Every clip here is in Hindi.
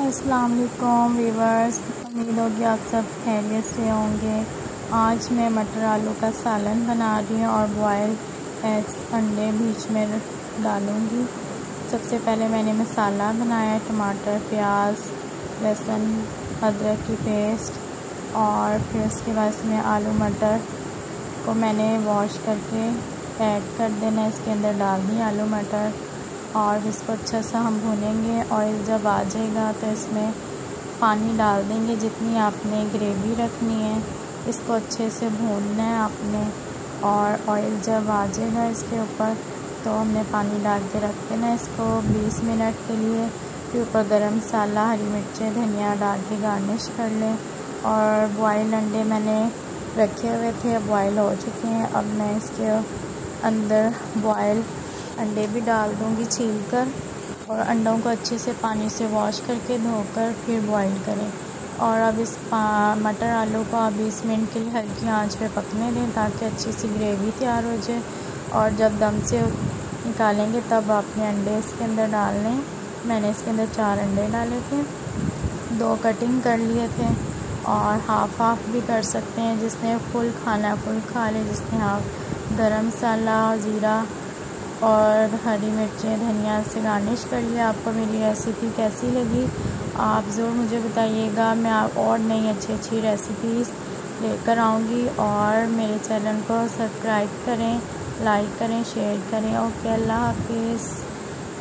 वालेकुम वीवर्स उम्मीद होगी आप सब खैरियत से होंगे आज मैं मटर आलू का सालन बना रही हूँ और बॉयल एग्स अंडे बीच में डालूँगी सबसे पहले मैंने मसाला बनाया टमाटर प्याज लहसुन अदरक की पेस्ट और फिर उसके बाद इसमें आलू मटर को मैंने वॉश करके ऐड कर देना इसके अंदर डाल दी आलू मटर और इसको अच्छा सा हम भूनेंगे ऑयल जब आ जाएगा तो इसमें पानी डाल देंगे जितनी आपने ग्रेवी रखनी है इसको अच्छे से भूनना है आपने और ऑयल जब आ जाएगा इसके ऊपर तो हमने पानी डाल के रख देना इसको 20 मिनट के लिए फिर ऊपर गरम मसाला हरी मिर्चें धनिया डाल के गार्निश कर लें और बॉयल अंडे मैंने रखे हुए थे बॉयल हो चुके हैं अब मैं इसके अंदर बॉयल अंडे भी डाल दूँगी छील कर और अंडों को अच्छे से पानी से वॉश करके धोकर फिर बॉईल करें और अब इस मटर आलू को आप बीस मिनट के लिए हल्की आंच पे पकने दें ताकि अच्छी सी ग्रेवी तैयार हो जाए और जब दम से निकालेंगे तब आपने अंडे इसके अंदर डाल लें मैंने इसके अंदर चार अंडे डाले थे दो कटिंग कर लिए थे और हाफ़ हाफ़ भी कर सकते हैं जिसने फुल खाना फुल खा लें जिसने हाफ गरम मसाला ज़ीरा और हरी मिर्चें धनिया से गार्निश कर लिया आपको मेरी रेसिपी कैसी लगी आप ज़रूर मुझे बताइएगा मैं आप और नई अच्छी अच्छी रेसिपीज़ लेकर आऊँगी और मेरे चैनल को सब्सक्राइब करें लाइक करें शेयर करें ओके अल्लाह हाफिज़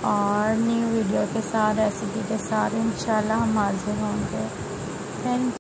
और न्यू वीडियो के साथ रेसिपी के साथ इन हम हाजिर होंगे थैंक